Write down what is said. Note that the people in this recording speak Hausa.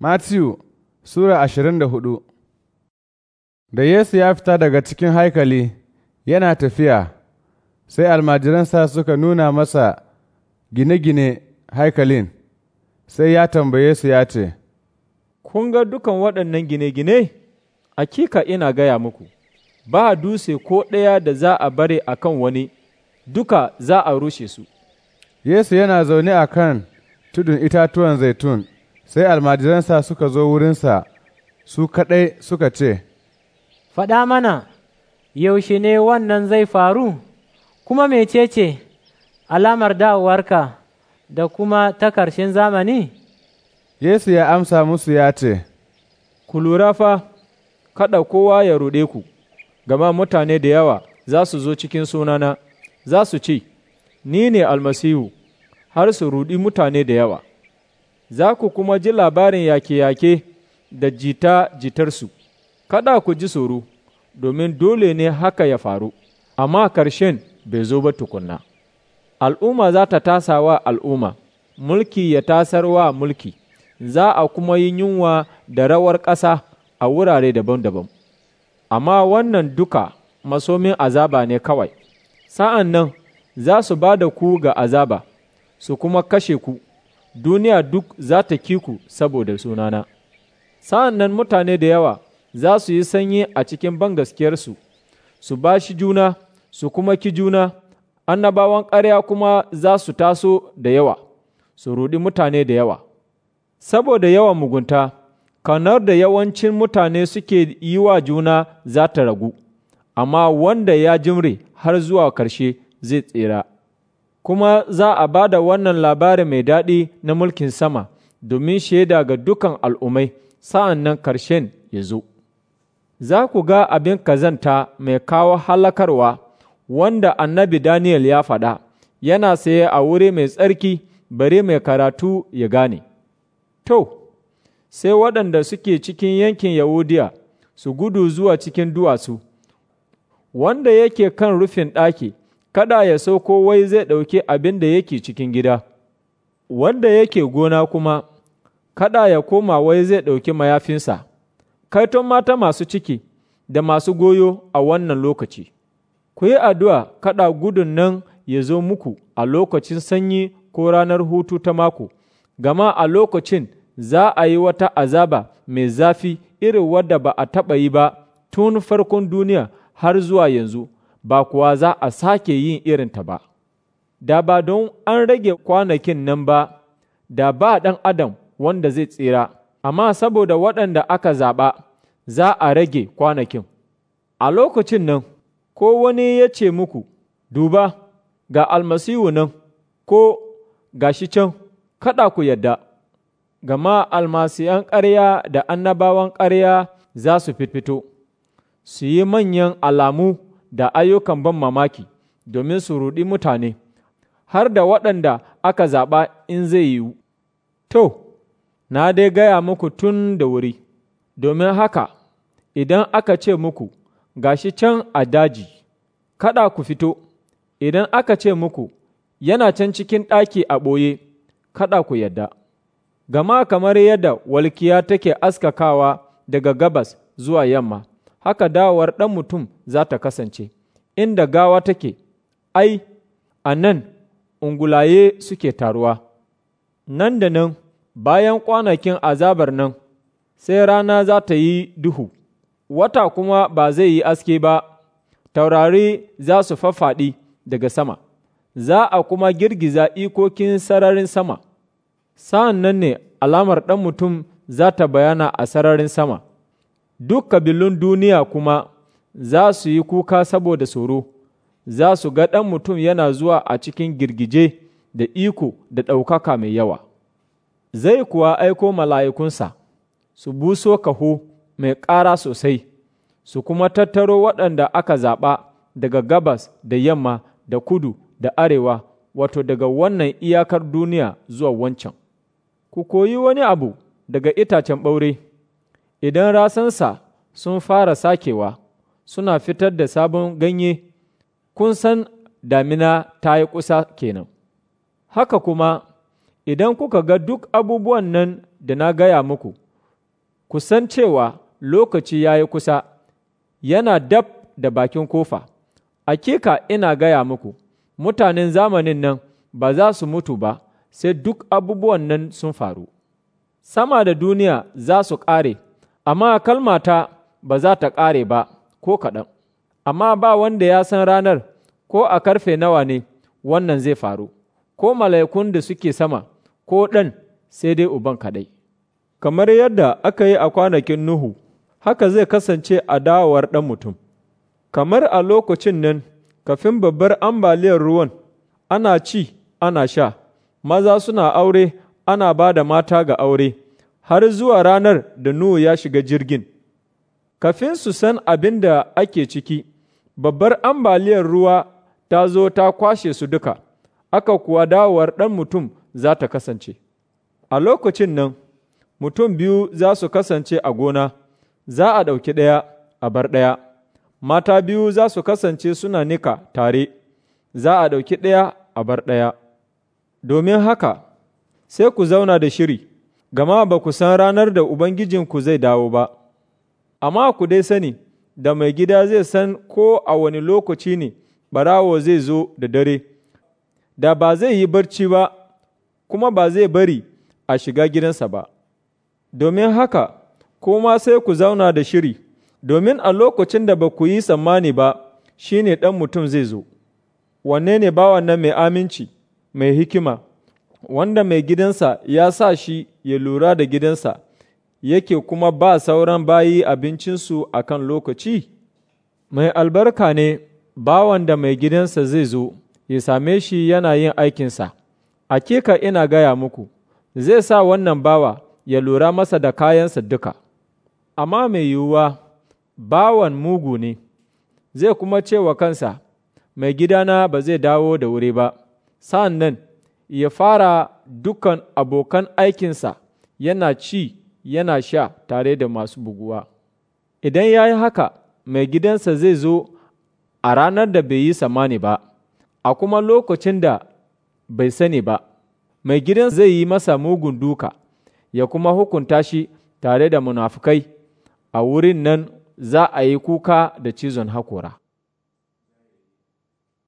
Matthew, Sura ashirin da hudu Da Yesu ya fita daga cikin haikali yana tafiya, sai almajiransa suka nuna masa gine-gine haikalin, sai ya tambaye su ya ce, Kun ga dukan waɗannan gine-gine? Akika ina gaya muku, ba dutse ko ɗaya da za a bare a kan wani, duka za a rushe su. Yesu yana zaune a kan tudun itatuwan zaitun. Sai almajiransa suka zo wurinsa, su kaɗai suka ce, Faɗa mana, yaushe ne wannan zai faru, kuma mecece alamar dawowarka da kuma ta ƙarshen zamani? Yesu ya amsa musu ya ce, Ku lura fa, kaɗa kowa ya ruɗe ku, gama mutane da yawa za su zo cikin sunana, za su ce, Ni ne almasihu, har su ruɗi mutane da yawa. za ku kuma ji labarin yake-yake da jita-jitarsu, kada ku ji tsoro, domin dole ne haka ya faru, amma ƙarshen bai zo ba tukunna. Al'umma za ta tasa wa al'umma, mulki ya tasar wa mulki, za a kuma yi yunwa da rawar ƙasa a wurare daban-daban. Amma wannan duka masomin azaba ne kawai, sa'an nan za su ba da ku ga azaba, su kuma kashe ku. duniya duk za ta kiku saboda sunana. Sa'an nan mutane da yawa za su yi sanyi a cikin bangaskiyarsu, su ba shi juna, su kuma ki juna, annabawan ƙarya kuma za su taso da yawa, su ruɗi mutane da yawa. Saboda yawan mugunta, kanar da yawancin mutane suke yi wa juna za ta ragu, amma wanda ya jimre har zuwa ƙarshe zai tsira. kuma za a ba da wannan labari mai daɗi na mulkin sama domin shaida ga dukan al'ummai sa'an nan ƙarshen ya zo. Za ku ga abin kazanta mai kawo halakarwa wanda annabi Daniel ya faɗa, yana saye a wuri mai tsarki bare mai karatu ya gane. To, sai waɗanda suke cikin yankin Yahudiya su gudu zuwa cikin duwatsu, wanda yake kan rufin ɗaki. kada ya sa wai zai ɗauki abin da yake cikin gida, wanda yake gona kuma, kada ya koma wai zai ɗauki mayafinsa, kaiton mata masu ciki da masu goyo a wannan lokaci. Ku yi addu'a kada gudun nan ya zo muku a lokacin sanyi ko ranar hutu ta mako, gama a lokacin za a yi wata azaba mai zafi irin wadda ba a taɓa yi ba tun farkon duniya har zuwa yanzu. ba kuwa za a sake yin irin ta ba, da ba don an rage kwanakin nan ba, da ba ɗan adam wanda zai tsira, amma saboda waɗanda aka zaɓa za a rage kwanakin. A lokacin nan, ko wani ya ce muku, Duba, ga almasihu nan, ko ga shi can, kaɗa ku yadda, gama almasiyan ƙarya da annabawan ƙarya za su fito, su yi manyan alamu da ayyukan ban mamaki domin su ruɗi mutane, har da waɗanda aka zaɓa in zai yiwu. To, na dai gaya muku tun da wuri, domin haka idan aka ce muku gashi can a daji, kada ku fito, idan aka ce muku yana can cikin ɗaki a ɓoye, kada ku yadda. Gama kamar yadda walkiya take askakawa daga gabas zuwa yamma. haka dawar ɗan mutum za ta kasance, inda gawa take, ai, a nan ungulaye suke taruwa. Nan da nan, bayan kwanakin azabar nan, sai rana za ta yi duhu, wata kuma ba zai yi aske ba, taurari za su faffaɗi daga sama, za a kuma girgiza ikokin sararin sama, sa'an nan ne alamar ɗan mutum za ta bayana a sararin sama. duk kabilun duniya kuma za su yi kuka saboda tsoro, za su ga ɗan mutum yana zuwa a cikin girgije da iko da ɗaukaka mai yawa. Zai kuwa aiko mala'ikunsa su buso kaho mai ƙara sosai, su kuma tattaro waɗanda aka zaɓa daga gabas da yamma da kudu da arewa, wato daga wannan iyakar duniya zuwa wancan. Ku koyi wani abu daga itacen ɓaure. idan rasansa sun fara sakewa suna fitar da sabon ganye kun san damina ta yi kusa kenan haka kuma idan kuka ga duk abubuwan nan da na gaya muku ku san cewa lokaci ya yi kusa yana dab da bakin kofa akika ina gaya muku mutanen zamanin nan ba za su mutu ba sai duk abubuwan nan sun faru sama da duniya za su ƙare amma kalmata ba za ta ƙare ba ko kaɗan, amma ba wanda ya san ranar ko a karfe nawa ne wannan zai faru, ko mala'ikun da suke sama ko ɗan sai dai uban kaɗai. Kamar yadda aka yi a kwanakin Nuhu, haka zai kasance a dawowar ɗan mutum. Kamar a lokacin nan, kafin babbar ambaliyar ruwan, ana ci, ana sha, maza suna aure, ana ba da mata ga aure. har zuwa ranar da Nuhu ya shiga jirgin. Kafin su san abin da ake ciki, babbar ambaliyar ruwa ta zo ta kwashe su duka, aka kuwa dawowar ɗan mutum za ta kasance. A lokacin nan, mutum biyu za su kasance a gona, za a ɗauki ɗaya a bar ɗaya. Mata biyu za su kasance suna nika tare, za a ɗauki ɗaya a bar ɗaya. Domin haka, sai ku zauna da shiri. gama ba ku san ranar da Ubangijinku zai dawo ba, amma ku dai sani da mai gida zai san ko a wani lokaci ne barawo zai zo da dare, da ba zai yi barci ba, kuma ba zai bari a shiga gidansa ba. Domin haka, kuma sai ku zauna da shiri, domin a lokacin da ba ku yi tsammani ba, shi ne ɗan mutum zai zo. Wanne ne ba nan mai aminci, mai hikima? wanda mai gidansa ya sa shi ya lura da gidansa, yake kuma ba sauran bayi abincinsu a kan lokaci? Mai albarka ne bawan da mai gidansa zai zo, ya same shi yana yin aikinsa, akika ina gaya muku, zai sa wannan bawa ya lura masa da kayansa duka. Amma mai yiwuwa, bawan mugu ne, zai kuma ce wa kansa, mai gidana ba zai dawo da wuri ba, sa'an nan ya fara dukan abokan aikinsa yana ci yana sha tare da masu buguwa. Idan ya yi haka, mai gidansa zai zo a ranar da bai yi samani ba, a kuma lokacin da bai sani ba, mai gidan zai yi masa mugun duka, ya kuma hukunta shi tare da munafukai, a wurin nan za a yi kuka da cizon hakora.